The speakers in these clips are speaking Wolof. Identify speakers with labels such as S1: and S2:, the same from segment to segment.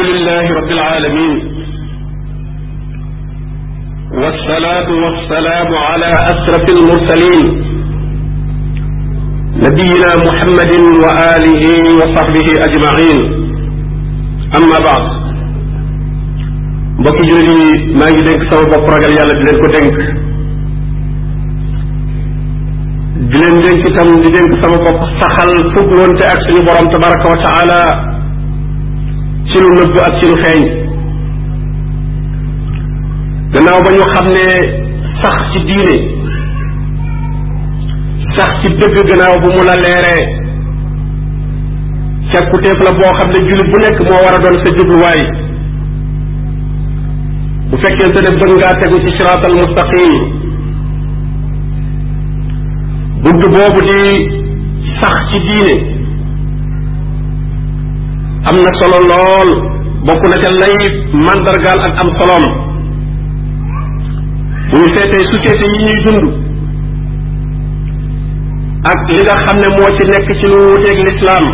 S1: alhamdulilahi rabbil alamin wasalaatu wasalaamu ala asrafi almursalin nabiyina muhammadin wa alihi wa sahbihi ajmain amma baad mbokki jullit yi maa ngi dénk sama bopp ragal yàlla di leen ko dénk di leen dénk itam di dénk sama bopp saxal fugloonte ak suñu borom tabaraka wa taala ci lu nëbb ak ci lu xeeñ gannaaw ba ñu xam ne sax ci diine sax ci dëgg gannaaw bu mu la leeree càkkutéef la boo xam ne jullit bu nekk moo war a doon sa jubluwaay bu fekkente ne bëgg ngaa tegu ci siraat al mustaqim bunt boobu di sax ci diine am na solo lool bokk na ca lay màndargaal ak am soloom bu ñu seetee société yi ñuy dund ak li nga xam ne moo ci nekk ci lu wuteeg lislaam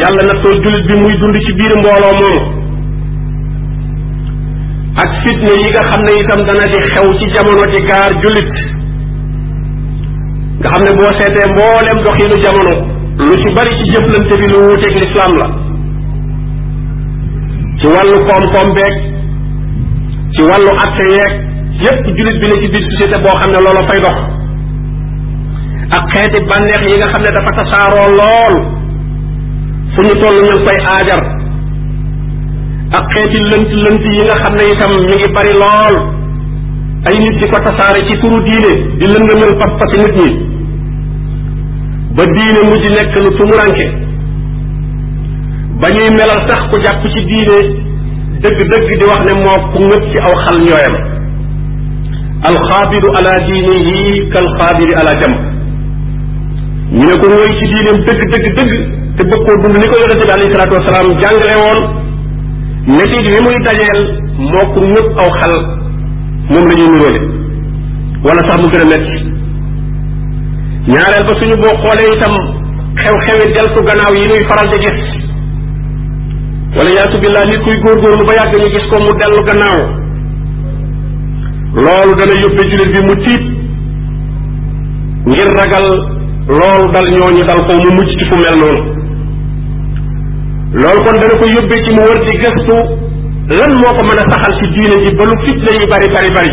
S1: yàlla na too jullit bi muy dund ci biir mbooloo moomu ak fitne yi nga xam ne itam dana di xew ci jamono di gaar jullit nga xam ne boo seetee mbooleem doxiinu jamono lu ci bari ci jëflante bi lu wuteeg lislaam la ci wàllu koom-koom beeg ci wàllu atte yeeg yépp jullit bi ne ci biir société boo xam ne loola fay dox ak xeeti bànneex yi nga xam ne dafa tasaaroo lool fu ñu toll ñu ngi koy aajar ak xeeti lënt lënt yi nga xam ne itam ñu ngi bari lool ay nit di ko tasaare ci turu diine di lëndëmal pas-pasi nit ñi ba diine mujj nekk lu tumuranke ba ñuy melal sax ku jàpp ci diine dëgg-dëgg di wax ne moo ku ngëpp ci aw xal ñooyam alxaabidu ala diinihi kal xaabidi ala jamb ñu ne ko ngoy ci diineem dëgg dëgg dëgg te bëgg koo dund li ko yonente bi alayhi muy dajeel moo ku ngëpp aw xal moom la ñuy nuróole sax mu gën a metti ñaareel ba suñu boo xoolee itam xew-xewi deltu gannaaw yi nuy faral di gis wala yaasu billaa nit kuy lu ba yàgg ñu gis ko mu dellu gannaaw loolu dana yóbbe jullit bi mu tiit ngir ragal loolu dal ñooñu dal ko mu mujj ci fu mel noonu loolu kon dana ko yóbbee ci mu wër di gëstu lan moo ko mën a saxal ci diine ji ba lu fitna yu bari bari bari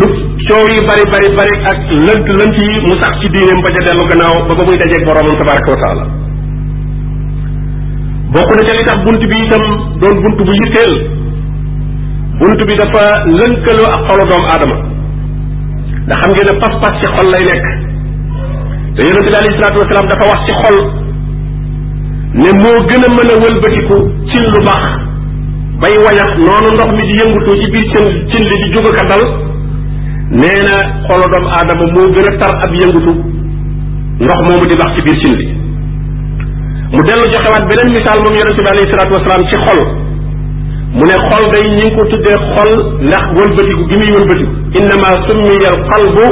S1: lu coow yu bari bari bari ak lënt lënt yi mu sax ci diineem ba ca dellu gannaaw ba ba muy dajeeg boroomam tabaraka wa bokk na ca li tax bunt bi itam doon bunt bu yitteel bunt bi dafa lënkaloo ak xolu doomu aadama ndax xam ngeen ne pas-pas ci xol lay nekk te yonente bi alayhi salaatu wasalaam dafa wax ci xol ne moo gën a mën a wëlbatiku cin lu baax bay wañax noonu ndox mi di yëngutoo ci biir cin cin li di jóg ka dal nee na xolu doomu aadama moo gën a tar ab yëngutu ndox moomu di bax ci biir cin li mu dellu joxewaat beneen misaal moom yonente bi alayhi salaatu wasalaam ci xol mu ne xol day ñi ngi ko tuddee xol ndax wëlbatiku gi muy wëlbatiku innama summiya al qalbu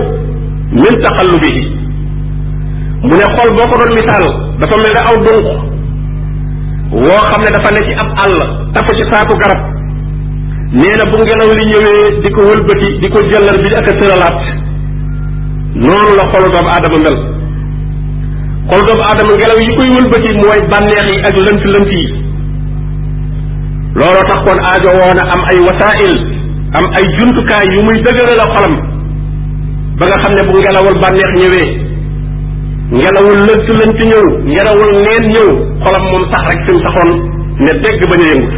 S1: min taqallubihi mu ne xol boo ko doon misaal dafa mel ne aw dunq woo xam ne dafa ne ci ab àll tafu ci saako garab nee na bu ngelaw li ñëwee di ko wëlbati di ko jëllar bi ak a tëralaat noonu la xolu doomu aadama mel xol doomu aadama ngelaw yi koy wëlbati mooy bànneex yi ak lënt-lënt yi looloo tax kon aajo woon a am ay wasaa'il am ay jumtukaay yu muy dëgëral la xolam ba nga xam ne bu ngelawul bànneex ñëwee ngelawul lënt-lënt ñëw ngelawul neen ñëw xolam moom sax rek fi mu saxoon ne dégg bañ a yëngut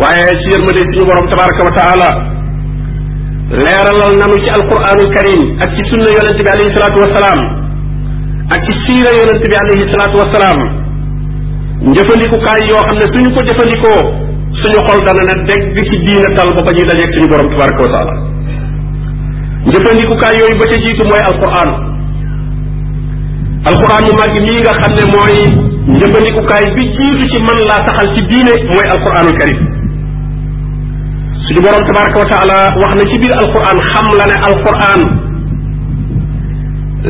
S1: waaye ci yërmande suñu borom tabaraka wa taala leeralal nanu ci alquranul karim ak ci sunna yonente bi alayhi salaatu wasalaam ak ci siira yonent bi alayhi salaatu wasalaam njëfandikukaay yoo xam ne suñu ko jëfandikoo suñu xol dana ne dégg ci diina tal ba ba ñuy dajeeg suñu borom tabaraka wa taala njëfandikukaay yooyu ba ca jiitu mooy alquran alquran mu màgg mii nga xam ne mooy njëfandikukaay bi jiitu ci man laa saxal ci diine mooy alquranul karim suñu borom tabaraka wa taala wax na ci biir alquran xam la ne alquran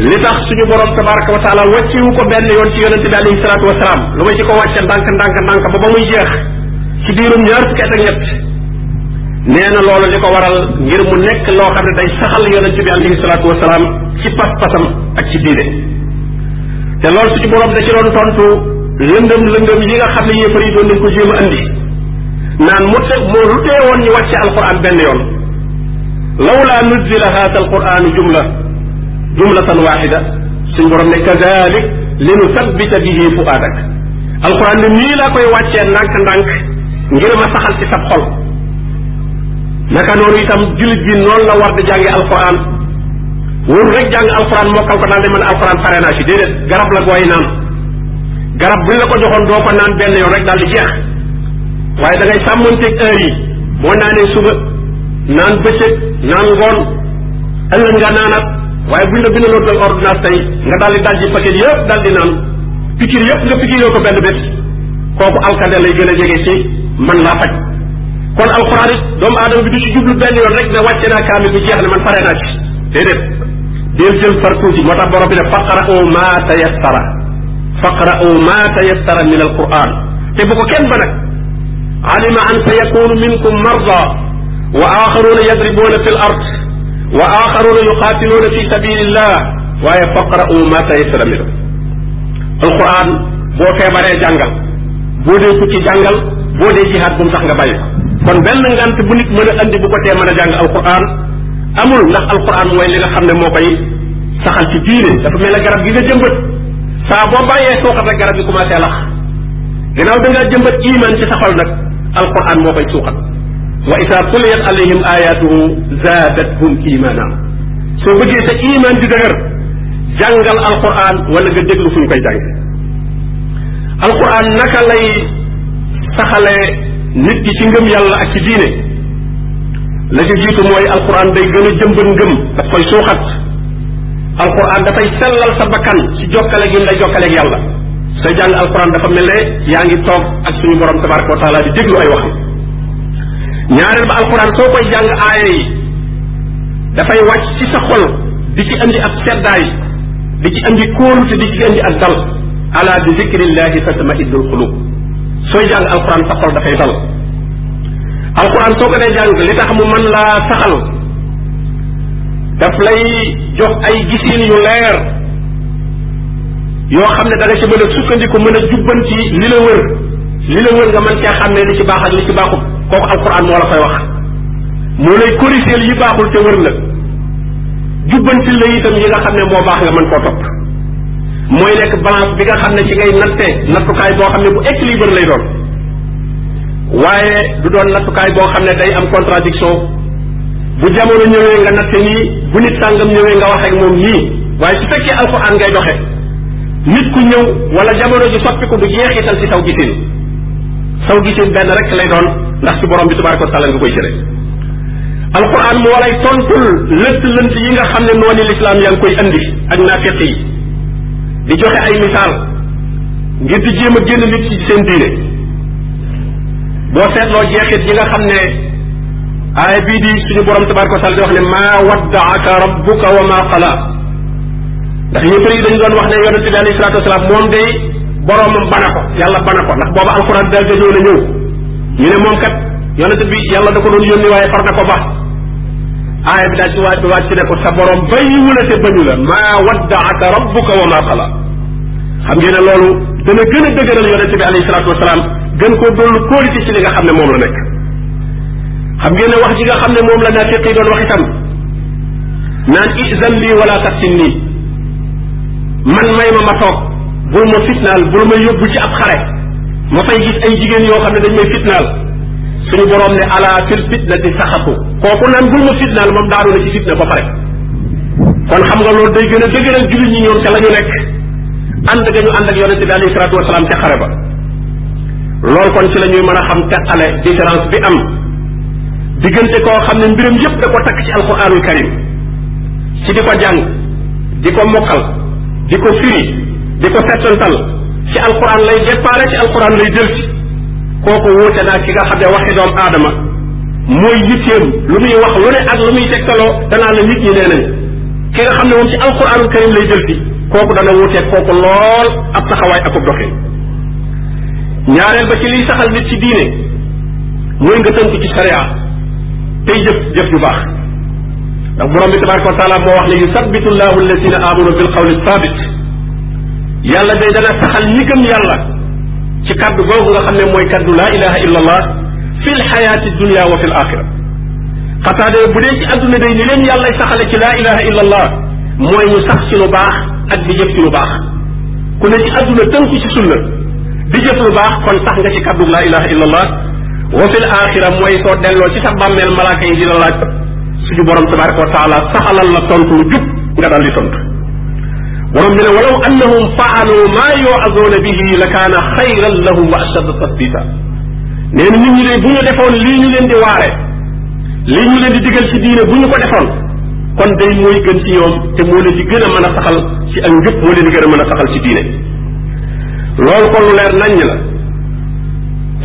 S1: li tax suñu borom tabaraka wa taala wàccewu ko benn yoon ci yonente bi alayhi salaatu wasalaam lu may ci ko wàcce ndànk ndànk ndànk ba ba muy jeex ci diirum ñaar fukki at ak nee na loolu li ko waral ngir mu nekk loo xam ne day saxal yonente bi alayhi salaatu wasalaam ci pas-pasam ak ci diine te loolu suñu borom na ci doon tontu lëndëm lëndëm yi nga xam ne yéefar yi doon nañ ko jéem a andi naan mu te mu lu tee woon ñu wàcce alquran benn yoon lawla nuzila haata alquranu jumla jumlatan waxida suñ borom ne kadalik li nu sabbita bihi fuaadak alquran ne nii laa koy wàccee ndànk-ndànk ngir ma saxal ci sab xol naka noonu itam jullit bi noonu la war di jànge alquran wóoru rek jàng alquran mokkal ko naan de man alquran pare naa ci déedéet garab la gooy naan garab buñ la ko joxoon doo ko naan benn yoon rek daal di jeex waaye da ngay sàmmanteeg heure yi boo naanee suba naan bëccëg naan ngoon ëllëg nga naanaat waaye buñ la bindaloo tal ordonnance tey nga daal di dal ji paquet yëpp daal di naan pikir yëpp nga pikiroo ko benn bés kooku alkande lay gën a jege ci man laa faj kon alxuraan it doomu aadama bi ci jublu benn naa kaamil bi jeex na man pare naa ci déedéet déel jël far tuuti moo tax borom bi ne faqra'u ma tayassara faqra'u ma tayassara min alquran te bu ko kenn ba nag alima an sayakunu minkum marda wa axaruna yadribuna fi l wa axaruna yuqaatiluuna fi sabilillah waaye faqra'u ma tayassara minhu alquran boo feebaree jàngal boo dee ci jàngal boo dee jihaad bu mu tax nga bàyyi kon benn ngant bu nit mën a andi bu ko tee mën a jàng alquran amul ndax alquran mooy li nga xam ne moo koy saxal ci diine dafa mel ne garab gi nga jëmbat saa boo bàyyee suuxat rek garab gi commencé lax gannaaw da ngaa jëmbat iman ci sa xol nag alquran moo koy suuxat wa isa tuliyat alayhim ayatuhu zaadathum imana soo bëggee sa iman di dëgër jàngal alquran wala nga déglu fu ñu koy jàng alquran naka lay saxalee nit ki ci ngëm yàlla ak ci diine la ca jiitu mooy alquran day gën a jëmbat ngëm daf koy suuxat alquran dafay sellal sa bakkan ci jokkale gi lay jokkaleeg yàlla sooy jàng alquran dafa mel yaa ngi toog ak suñu borom tabaraka wa taala di déglu ay waxam ñaareel ba alxuraan soo koy jàng aaya dafay wàcc ci sa xol bi ci andi ak seddaay di ci andi kóolute di ci andi ak dal ala bi zikrillahi tatma'innul qulub sooy jàng alxuraan sa dafay dal alxuraan soo ko dee jàng li tax mu man laa saxal daf lay jox ay gisiin yu leer yoo xam ne da nga ci mën a sukkandiku mën a jubbanti li la wër li la wër nga mën cee xàmmee li ci baax ak li ci baaxut kooku alquran moo la koy wax moo lay corrigeel yi baaxul te wër la jubbantil la itam yi nga xam ne moo baax nga mën koo topp mooy nekk balance bi nga xam ne ci ngay nattee nattukaay boo xam ne bu équilibre lay doon waaye du doon nattukaay boo xam ne day am contradiction bu jamono ñëwee nga natte nii bu nit sàngam ñëwee nga wax ak moom nii waaye su fekkee alxuraan ngay doxe nit ku ñëw wala jamono ji soppiku du jeexital ci saw gisin saw gisin benn rek lay doon ndax ci borom bi tabaraka wa taala nga koy jëlee alquran moo lay tontul lënt lënt yi nga xam ne noonu lislaam yaa ngi koy andi ak naafiq yi di joxe ay misaal ngir di jéem a génn nit ci seen diine boo seetloo jeexit yi nga xam ne aaya bii di suñu borom tabaraka wa di wax ne ma waddaaka rabbuka wa maa qala ndax yëpp yi dañu doon wax ne yonente bi alayhi salaatu wasalaam moom day boroomam bana ko yàlla bana ko ndax booba alxuraan daal dañoo na ñëw ñu ne moom kat yonent bi yàlla da ko doon yónni waaye far na ko ba aaya bi daal ci waaj wàcc ne ko sa borom bàyyiwu la te bañu la maa waddaaka rabbuka wa maa xala xam ngeen ne loolu dana gën a dëgëral yonent bi alayhi salaatu wasalaam gën koo dollu kóolite ci li nga xam ne moom la nekk xam ngeen wax ji nga xam ne moom la naafiq yi doon wax itam naan izan lii wala taxsin nii man may ma ma toog bul ma fitnaal bul ma yóbbu ci ab xare ma fay gis ay jigéen yoo xam ne dañ may fitnaal suñu boroom ne ala fil fitnati saxatu kooku naan bul ma fitnaal moom daanu na ci fitna ba pare kon xam nga loolu day gën a dëgëral jullit ñi ñoom te la ñu nekk ànd ga ñu ànd ak yonente bi alayhi salaatu wasalaam ca xare ba loolu kon ci la ñuy mën a xam teqale différence bi am diggante koo xam ne mbiram yépp da ko takk ci alquranul karim ci di ko jàng di ko mokkal di ko firi di ko settantal ci alquran lay départ ci alquran lay jël ci kooku wuute naa ki nga xam ne waxi doom aadama mooy yitteem lu muy wax lu ne ak lu muy tegtaloo danaa la nit ñi nee nañ ki nga xam ne moom ci alquranul karim lay jël ci kooku dana wuuteeg kooku lool ab taxawaay akub doxin ñaareel ba ci liy saxal nit ci diine mooy nga tënku ci sharia tey jëf jëf ju baax ndax borom bi tabaraka wa moo wax ne yusabbitu llahu alladina amanu bil qawli sabit yàlla day dana saxal ñi gëm yàlla ci kaddu googu nga xam ne mooy kaddu laa ilaha illa allah fi l xayaati dunia wa fi l axira xataade bu dee ci àdduna day ni leen yàllay saxale ci laa ilaha illa allah mooy ñu sax ci lu baax ak di jëf ci lu baax ku ne ci àdduna tënku ci sunna di jëf lu baax kon sax nga ci kaddu laa ilaha illa allah wa fi l mooy soo delloo ci sa bàmmeel malaaka yi dina laaj suñu borom tabaraka wa taala saxalal la tontu lu jub nga daal di tontu borom bi ne walaw annahum faalu maa yuazuuna bihi la kaana xayran lahum wa ashadda tathbita nee na nit ñi de bu ñu defoon ñu leen di waare lii ñu leen di digal ci diine bu ñu ko defoon kon day mooy gën ci ñoom te moo leen di gën a ci ak njub moo leen mën a saxal ci diine loolu kon lu leer naññ la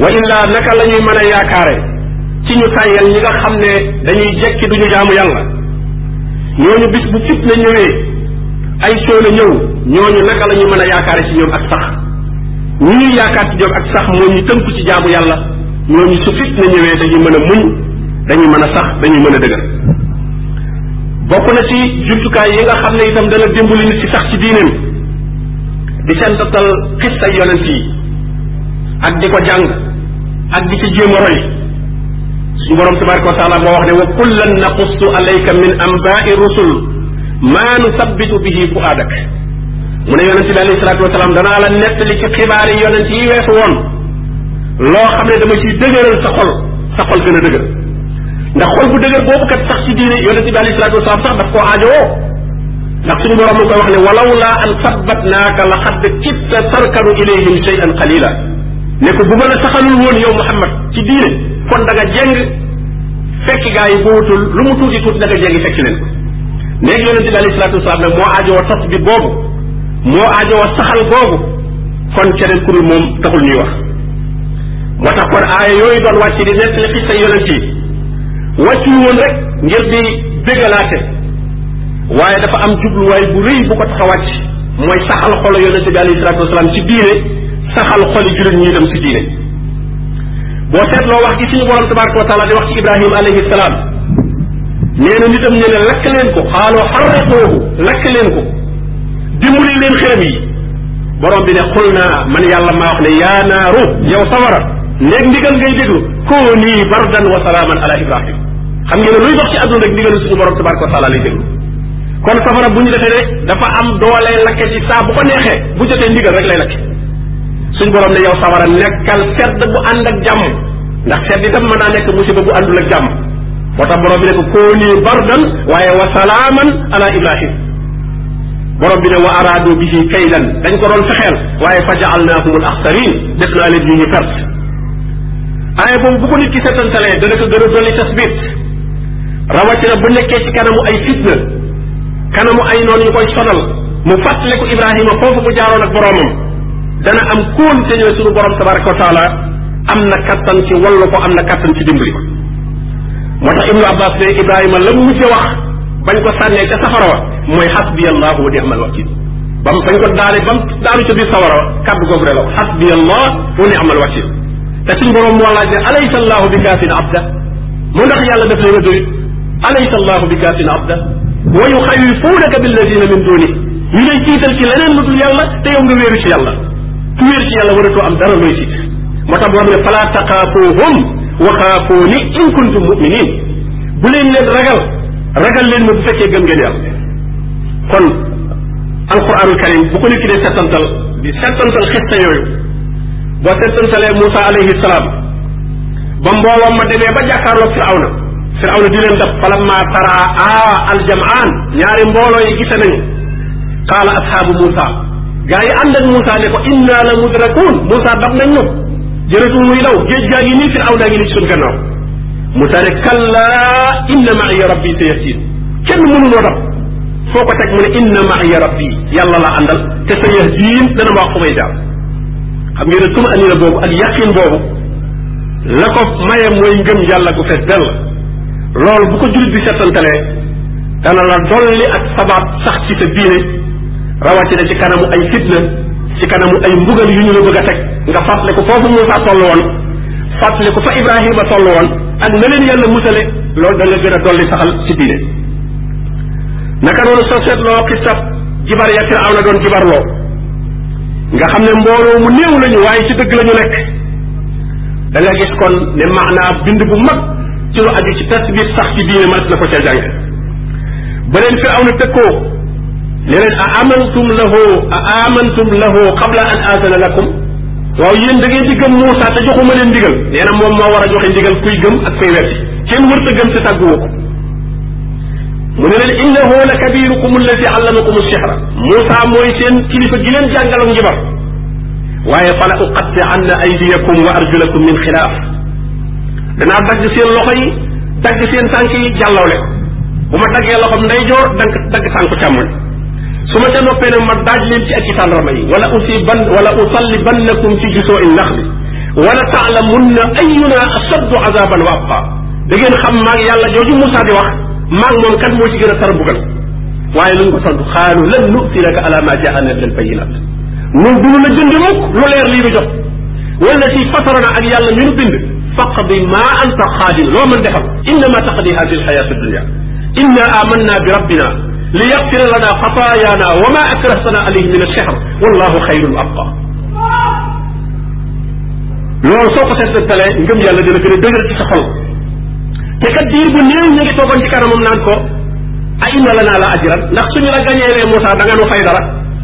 S1: wa naka lañuy mën a yaakaare ci ñu tàyyal ñi nga xam ne dañuy jekki duñu jaamu yàlla ñooñu bis bu fitna ñëwee ay sóona ñëw ñooñu naka la mën a yaakaare ci ñoom ak sax ñi ñuy yaakaar ci ñoom ak sax moo ñu tënku ci jaamu yàlla ñooñu su fit na ñëwee dañuy mën a muñ dañuy mën a sax dañuy mën a dëgër bokk na ci jumtukaay yi nga xam ne itam dana dimbali nit ci sax ci diineem di santatal xistay yonent yi ak di ko jàng ak di ci jéem a roy suñu borom tabaraka wa taala moo wax ne wa kullan naqussu alayka min anbaai rusul maa nu sabbitu bihi fuaadak mu ne yonent bi alayhi salaatu wasalaam danaa la nettali ci xibaari yonent yi weesu woon loo xam ne dama ciy dëgëral sa xol sa xol gën a dëgër ndax xol bu dëgër boobu kat sax ci diine yonent bi alayhi salaatu wasalaam sax daf koo aajowoo ndax suñu borom mu koy wax ne walaw laa an sabbatnaaka la xadd kitta tarkanu ilayhim shay'an qalila ne ko bu ma la saxalul woon yow Muhammad ci diine kon da nga jeng fekk gaa yi bootul lu mu tuuti tuuti da nga jeng fekk leen ko léegi yonente bi alayhi salatu wasalaam nag moo aajowoo tas bi boobu moo aajowoo saxal boobu kon keneen ku dul moom taxul ñuy wax moo tax kon aaya yooyu doon wàcc di nettali xisa yonent yi wàccul woon rek ngir di bégalaate waaye dafa am jubluwaay bu rëy bu ko tax a wàcc mooy saxal xolo yonente bi alayhi salatu wasalaam ci diine saxal xoli jullit ñuy dem ci diine boo seetloo wax gi suñu borom tabaraka wa taala di wax ci ibrahim alayhi salaam nee na nitam ñu ne lakk leen ko xaaloo xarraqoohu lakk leen ko dimbali leen xërëm yi borom bi ne xul naa man yàlla maa wax ne yaa naaru yow sawara néeg ndigal ngay déglu koo nii bardan wa salaaman ala ibrahim xam ngeen ne luy dox ci àdduna rek ndigalu suñu borom tabaraka wa taala lay déglu kon safara bu ñu defee ne dafa am doole lakke ci saabu ko neexee bu jotee ndigal rek lay lakke suñ borom ne yow sawara nekkal sedd bu ànd ak jàmm ndax sedd itam mën naa nekk musiba bu àndul ak jàmm moo tax borom bi ne ko kooni bardan waaye wa salaaman ala ibrahim borom bi ne wa araado bi si kaydan dañ ko doon fexeel waaye fa jaalnaahum al axsarin def naa leen ñu ñu perte aaya boobu bu ko nit ki seetantalee dana ko gën a dolli tasbit rawatina bu nekkee ci kanamu ay fitna kanamu ay noonu ñu koy sonal mu fàttale ko ibrahima foofu mu jaaroon ak boromam dana am kóonte ne sunu borom tabaraka wa taala am na kattan ci wallu ko am na kattan ci dimbali moo tax ibnu abbas ne ibrahima la mu mujj wax bañ ko sànnee ca safara wa mooy xasbiyallahu wa ni'mal wakil bam bañ ko daane bam daanu ca biir safara wa kàddu googu la wax xasbiyallah wa ni'mal wakil te suñ borom moo laaj ne alaysa allahu bi kaafin abda mu ndax yàlla daf lay wëddu alaysa allahu bi kaafin abda wa yuxawifuunaka billadina min duni ñu lay jiital ci leneen lu dul yàlla te yow nga wéeru ci yàlla ku wéeru ci yàlla waratoo am dara looy tiit moo tax boo xam ne fala taqaafuhum waxaafooni in kuntum muminin bu leen leen ragal ragal leen ma bu fekkee gëm ngeen yàlla kon alquranul karim bu ko nit ki dee settantal di settantal xista yooyu boo settantalee Moussa alayhi salaam ba ma demee ba jàkkaarloog firawna firawna di leen dab falamma tara aa aljamaan ñaari mbooloo yi gise nañu qaala ashaabu Moussa gaa yi ànd ak Moussa ne ko inna la mudrakun Moussa dab nañ ñu jërëtul muy daw géej gaa ngi nii firaaw naa ngi nii ci suñ gannaaw Musa ne kallaa inna ma'iya rabbi sayahdin kenn mënuloo dab foo ko teg mu ne inna ma'iya rabbi yàlla laa àndal te sayahdin dana ma wax fu may jaar xam ngeen ne tuma anina boobu ak yaqin boobu la ko maye mo ngëm yàlla gu fees dell loolu bu ko jullit bi settantalee dana la dolli ak sabaat sax ci sa diine rawatina ci kanamu ay fitna ci kanamu ay mbugal yu ñu la bëgg a teg nga fàttali ko foofu Moussa toll woon fàttali ko fa Ibrahima toll woon ak na leen yàlla musale loolu da nga gën a dolli saxal ci diine naka noonu soo seetloo xisab jibar ya Firaaw na doon jibarloo nga xam ne mbooloo mu néew lañu waaye ci dëgg lañu nekk da nga gis kon ne maanaa bind bu mag ci lu aju ci tasbir sax ci diine mas na ko ca jàng ba leen Firaaw na tëkkoo ne leen a amantum lahu a amantum lahu qabla an aazana lakum waaw yéen da ngeen di gëm Muusa te joxuma leen ndigal nee moom moo war a joxe ndigal kuy gëm ak kuy weddi kenn wërta gëm te tàgguwoo ko mu ne leen innahu la kabirukum alladi allamakum sixra Muusa mooy seen kilifa gi leen jàngal ak njibar waaye fala uqatti'anna aydiyakum wa arjulakum min xilaaf danaa dagg seen loxo yi dagg seen tànk yi bu ma daggee loxom ndeyjoor dagg dagg tànku càmmoñ su ma ca noppee nag ma daaj leen ci ak ci tàndarma yi wala usi ban wala usallibannakum fi jusoo in naxli wala taalamunna ayuna asaddu azaban wa abqa da ngeen xam maag yàlla jooju Moussa di wax maag moom kan moo ci gën a tar bugal waaye lu ñu ko tontu xaalu lan nu'siraka ala ma jaana min albayinat ñun du la jënd mukk lu leer lii ñu jox wala si fatarana ak yàlla ñu nu bind faqdi ma anta xaadin loo mën defal innama taqdi hadi alxayat addunia inna amanna bi rabbina li yaxfir lana xataayaana wa ma akrahtana alayhi min alsihr wallahu xayrul abqa loolu soo ko seetantalee ngëm yàlla dina gën a dëgër ci sa xol te kat diir bu néew ñu ngi toogoon ci kanamam naan ko a inna lana la ajran ndax suñu la gañeelee Moussa da nga nu fay dara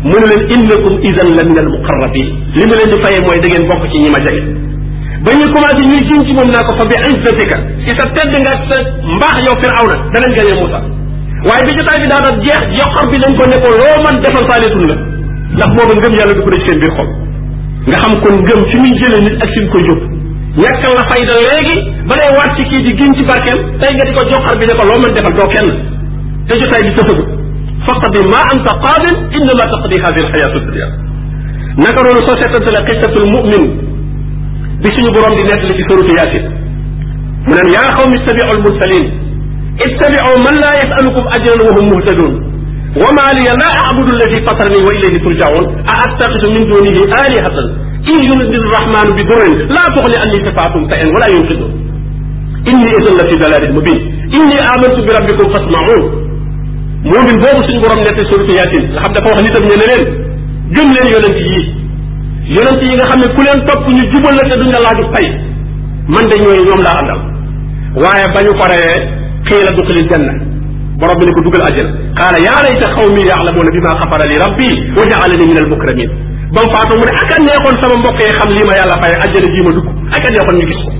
S1: mu ne leen innakum idan la min al muqarrabin li ma leen di faye mooy da ngeen bokk ci ñi ma jege ba ñuy commencé ñuy jiñ ci naa ko fa bi izzatika ci sa tedd nga sa mbaax yow Firawna danañ gañee waaye bi jotaay bi daanaka jeex joxor bi o ko ne ko loo man defal faaleetul la ndax booba ngëm yàlla dugg na ci seen nga xam kon ngëm fi muy jëlee nit ak fi mu koy jóg ñàkkal la fayda léegi ba lay ki ci kii di giñ ci barkeel nga di ko joxor bi o ko loo man defal doo kenn te jotaay bi sëfagu faqdi ma anta qaadin innama taqdi hadi alxayaatu dunia o noonu soo seetante la qisatul mumin bi suñu borom di nett li ci suratu yaasin mu naan yaa xawmi ittabiu almursalin ittabiu man laa yasalukum ajran wa hum muhtadun wa ma liya laa abudu alladi fatarani wa ilayhi turjaun a attaxidu min dunihi alihatan in yuridi rahmanu bi durrin laa tuxli anni safaatum sayan wala yunqidun inni idan la fi dalalin mubin inni amantu bi rabbikum fasmaun moomin boobu suñu borom nekk suratu yaasin nga xam dafa wax nitam ñe ne leen gëm leen yonent yi yonent yi nga xam ne ku leen topp ñu jubal la te duñ la laaju fay man de ñooy ñoom laa àndal waaye ba ñu paree qiila duxuli janna borom bi ne ko dugal ajjana qaala yaa layta xawmi yaalamuuna bi maa xafara li rabbi wa jaalani min al mukramin ba mu faatoo mu ne ak a neexoon sama mbokk yi xam lii ma yàlla fay ajjana jii ma dugg ak a neexoon ñu gis ko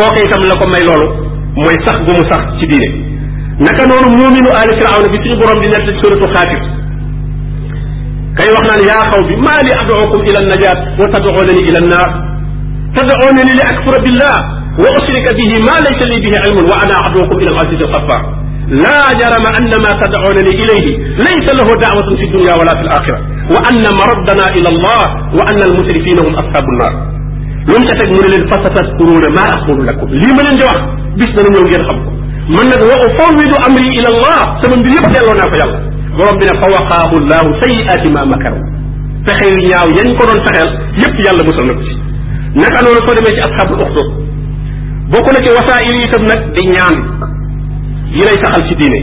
S1: kooku itam la ko may loolu mooy sax gu mu sax ci diine naka noonu muuminu aali firawna bi suñu borom di nett suratu xaatir kay wax naan yaa xaw bi maa li adookum ila najaat wa tadoo na ni ila naar tadoo na ni li akfura billah wa ushrika bihi ma laysa li bihi ilmun wa ana ad'ukum ila al-aziz al-ghaffar la jarama anna ma tad'unani ilayhi laysa lahu da'watun fi dunya wala fi al-akhirah wa anna maraddana ila allah wa anna al-musrifina hum ashabun nar lu mu ca teg mu ne leen fasatadkuruna ma aqulu lakum lii ma leen di wax bis dana ñëw ngeen xam ko man nag wa ufawidu amri ila allah sama mbir yëpp delloo naa ko yàlla borom bi ne fa waqaahu llahu sayi'aati ma makaru fexe yu ñaaw yañ ko doon fexeel yëpp yàlla musal na ko ci naka noonu soo demee ci ashabul uxdud bokk na ci wasaayil yi itam nag di ñaan yi lay saxal ci diine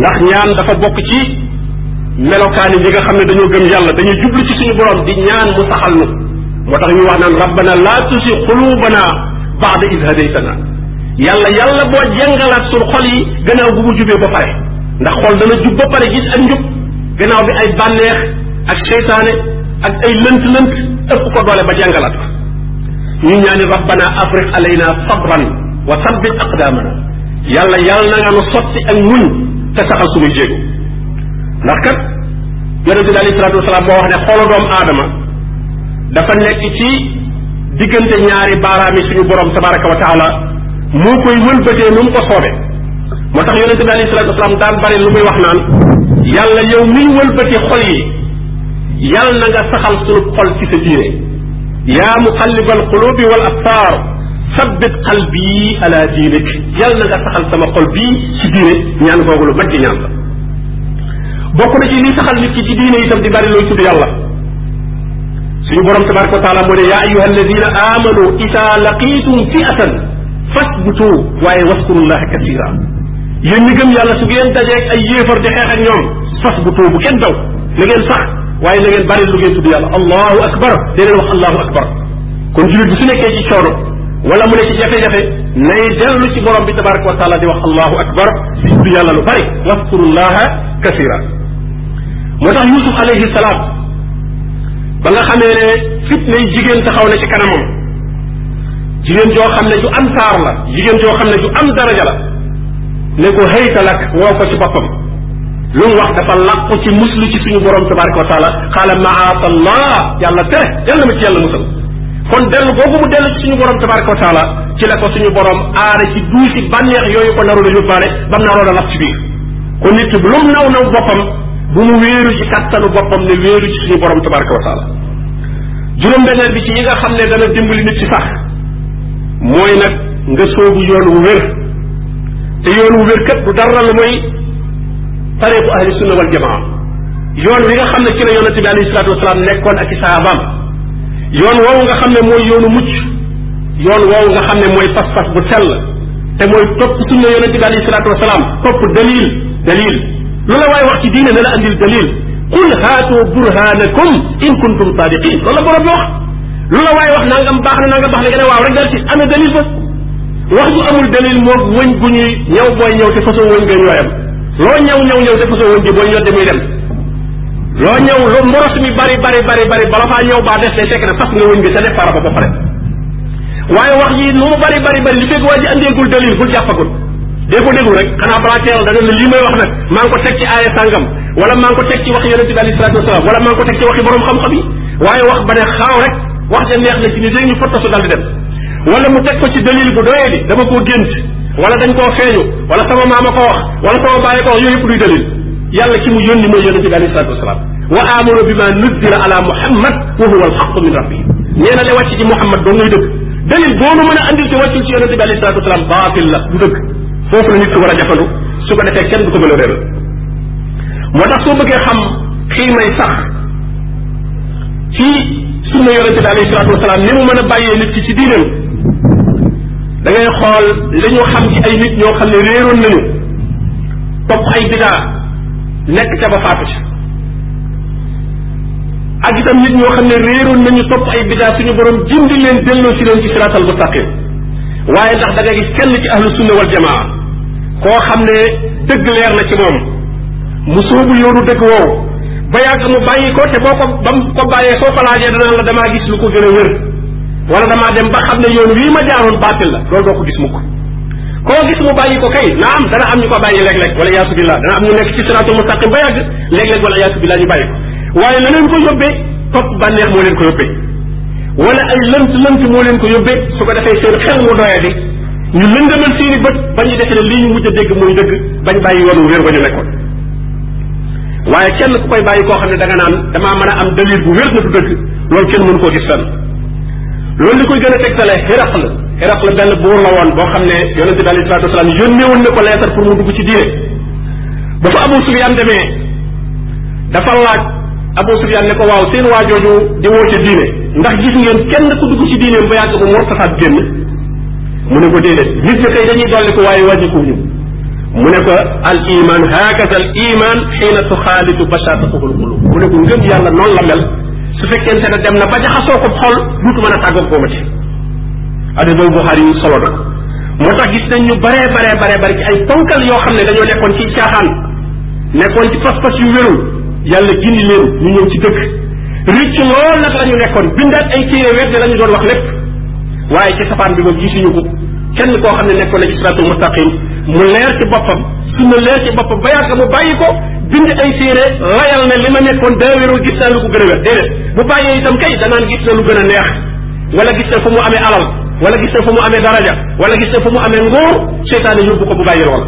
S1: ndax ñaan dafa bokk ci melokaani yi nga xam ne dañoo gën yàlla dañuy jublu ci suñu borom di ñaan mu saxal nu moo tax ñu wax naan rabbana laa tusi xulubana baada id hadaytana yàlla yàlla boo jàngalaat sun xol yi gannaaw bu mu jubee ba pare ndax xol dana jub ba pare gis ak njub gannaaw bi ay bànneex ak seytaane ak ay lënt-lënt ëpp ko doole ba jàngalaat ko ñu ñaani rabbana afriq alayna sabran wa sabbit aqdamana yàlla yàlla na nga nu sotti ak muñ te saxal suñu jéego ndax kat yonent bi alayhi salaatu moo wax ne xoolu doomu aadama dafa nekk ci diggante ñaari baaraami suñu borom tabaraka wa taala moo koy wëlbatee nu mu ko soobee moo tax yonent bi alayhi salaatu wasalaam daan bari lu muy wax naan yàlla yow miy wëlbati xol yi yàlla na nga saxal suñu xol ci sa diine yaa muqallibal qulubi wal absar sabbit qalbi ala diinik yàlla na nga saxal sama xol bii ci diine ñaan googu lu mag di ñaan la bokk na ci liy saxal nit ki ci diine itam di bari looy tudd yàlla suñu borom tabaraka wa taala moo ne yaa ayuha alladina amanu ida laqitum fi'atan fasbutu waaye waskurullaha kasira yéen ñi gëm yàlla su ngeen dajeeg ay yéefar di xeex ak ñoom fasbutu bu kenn daw na ngeen sax waaye na ngeen bari lu ngeen tudd yàlla allahu akbar dee leen wax allahu akbar kon jullit coono wala mu ne ci jafe-jafe nay dellu ci borom bi tabaraka wa di wax allahu akbar di tudd yàlla lu bari waskurullaha kasira moo tax yusuf alayhi salaam ba nga xamee ne fitna yi jigéen taxaw na ci kanamam jigéen joo xam ne ju am taar la jigéen joo xam ne ju am daraja la ne ko haytalak woo ko ci boppam lu mu wax dafa làqu ci muslu ci suñu borom tabaraka wa taala xaala maasa allah yàlla tere yàlla ma ci yàlla musal kon dellu boobu mu dellu ci suñu borom tabaraka wa taala ci la ko suñu borom aare ci duusi bànneex yooyu ko naroon a yóbbaale ba mu naroon a lax ci biir kon nit bu mu naw naw boppam bu mu wéeru ci kàttanu boppam ne wéeru ci suñu borom tabaraka wa juróom-benneel bi ci yi nga xam ne dana dimbali nit ci sax mooy nag nga soobu yoon wu wér te yoon wu wér kat tariqu ahli sunna wal jamaa yoon wi nga xam ne ci la yonente bi alayhi salaatu wasalaam nekkoon ak i saabaam yoon woowu nga xam ne mooy yoonu mucc yoon woowu nga xam ne mooy fas-fas bu sell te mooy topp sunna yonente bi alayhi salaatu wasalaam topp dalil dalil lu la waaye wax ci diine ne la andil dalil qul haatu burhanakum in kuntum sadiqin loolu la borom bi wax lu la waaye wax nangam baax na nangam baax na nga ne waaw rek dal ci amee dalil ba wax ju amul dalil moom wëñ gu ñuy ñëw booy ñëw te façon wëñ nga loo ñëw ñëw ñëw def sa woon ji boo ñodde muy dem loo ñëw lu mboros mi bari bari bari bari bala faa ñëw baa des day fekk ne fas nga wëñ bi sa départ ba ba pare waaye wax yi lu mu bari bari bari li fekk waa ji andeegul dalil bul jàppagul dee ko déglu rek xanaa balaa teeral da doon lii may wax nag maa ngi ko teg ci aaya sàngam wala maa ngi ko teg ci wax yonente bi alei salatu wasalaam wala maa ngi ko teg ci waxi borom xam-xam yi waaye wax ba ne xaaw rek wax ja neex na ci ni dégg ñu fottasu dal di ko ci dama koo wala dañ koo feeñu wala sama maama ko wax wala sama bàyyi ko wax yooyu yëpp duy dalil yàlla ki mu yónni mooy yonente bi alayhi salatu wasalaam wa amanu bi ma nuzzila ala muhammad wa huwa alxaqu min rabbihim nee na la wàcc ci muhammad doo ngay dëgg dalil doonu mën a andil ci wàccul ci yonente bi alayhi salatu wasalaam baatil la du dëgg foofu la nit ki war a jafandu su ko defee kenn du ko mën a réeral moo tax soo bëggee xam xii may sax ci sunna yonente bi alayhi salatu ni mu mën a bàyyee nit ki ci diineem dangay ngay xool li xam ci ay nit ñoo xam ne réeroon nañu topp ay bidaa nekk ca ba faatu ca ak itam nit ñoo xam ne réeroon nañu topp ay bidaa suñu borom jindi leen delloo si leen ci siraatal mustaqim waaye ndax da ngay gis kenn ci ahlu sunna wal jamaa koo xam ne dëgg leer na ci moom mu soobu yoonu dëgg woowu ba yàgg mu bàyyi ko te boo ko ba mu ko bàyyee soo ko laajee danaan la damaa gis lu ko gën a wér wala damaa dem ba xam ne yoon wii ma jaaroon baatil la loolu doo ko gis mukk koo gis mu bàyyi ko kay naa am dana am ñu ko bàyyi léeg-léeg wala yaasu billah dana am ñu nekk ci siraatul mustaqim ba yàgg léeg-léeg wala yaasu billah ñu bàyyi ko waaye la leen ko yóbbee topp bànneex moo leen ko yóbbee wala ay lënt lënt moo leen ko yóbbee su ko defee seen xel mu doya di ñu lëndamal seeni bët ba ñu defee lii ñu mujj a dégg muy dëgg bañ bàyyi yoonu wér ba ñu nekkoon waaye kenn ku koy bàyyi koo xam ne da nga damaa mën a am dalil bu wér na du dëgg loolu loolu li koy gën a tegtale xiraq la xiraq la benn buur la woon boo xam ne yonente bi alei salatu wasalaam yónnewoon na ko leetar pour mu dugg ci diine ba fa Abu Sufyaan demee dafa laaj Abu Sufyaan ne ko waaw seen waa jooju di woo ca diine ndax gis ngeen kenn ku dugg ci diineem ba yàgg ba mu wartasaat génn mu ne ko déedéet nit ñi kay dañuy dolli ko waaye wàññikuñu mu ne ko al iman hakaza al iman xiina tuxaalitu bashatatuhu l qulub mu ne ko ngëm yàlla noonu la mel su fekkente ne dem na ba jaxasoo ko xol duutu mën a tàggoog koomati adis boobu Buxaari yi solo na moo tax gis nañ ñu baree baree baree bare ci ay ponkal yoo xam ne dañoo nekkoon ci caaxaan nekkoon ci pas-pas yu wérul yàlla gindi leen ñu ñëw ci dëkk rëcc lool nag la ñu nekkoon bindaat ay téere wér ne la doon wax lépp waaye ci safaan bi moom gisuñu ko kenn koo xam ne nekkoon na ci siraatul mustaqim mu leer ci boppam sunna leer ci boppam ba yàgg mu bàyyi ko bind ay téere layal ne li ma nekkoon daa gis naa lu ko gën a wér déedéet bu danaan gis na lu gën a neex wala gis na fu mu amee alal wala gis na fu mu amee daraja wala gis na fu mu amee nguur seytaane yóbbu ko bu bàyyi loola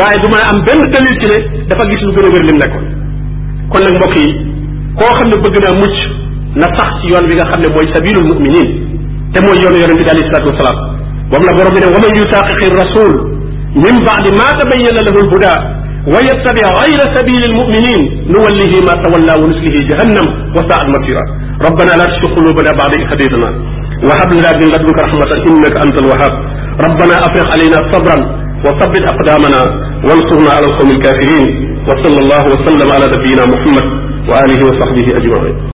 S1: waaye du mën am benn dalil ci ne dafa gis lu gën a wér li mu nekkoon kon nag mbokk yi koo xam ne bëgg naa mucc na sax ci yoon wi nga xam ne mooy sabilul muminin te mooy yoonu yonente bi alayhi salatu wasalaam moom la borom bi ne waman yutaqiqi rasul min baadi ma tabayyana lahu lhuda wa yattabi gayra sabili almuminin nuwallihi ma tawalla wa nuslihi jahannam wa saat masira rabbana la tusi qulubana bada id hadaytana wa hab lana min ladunka rahmatan innaka anta alwahab rabbana afriq alayna sabran wa sabbit aqdamana wansurna ala alqawmi alkafirin wa sallallahu wa sallam ala nabiyina muhammad wa alihi wa sahbihi ajmain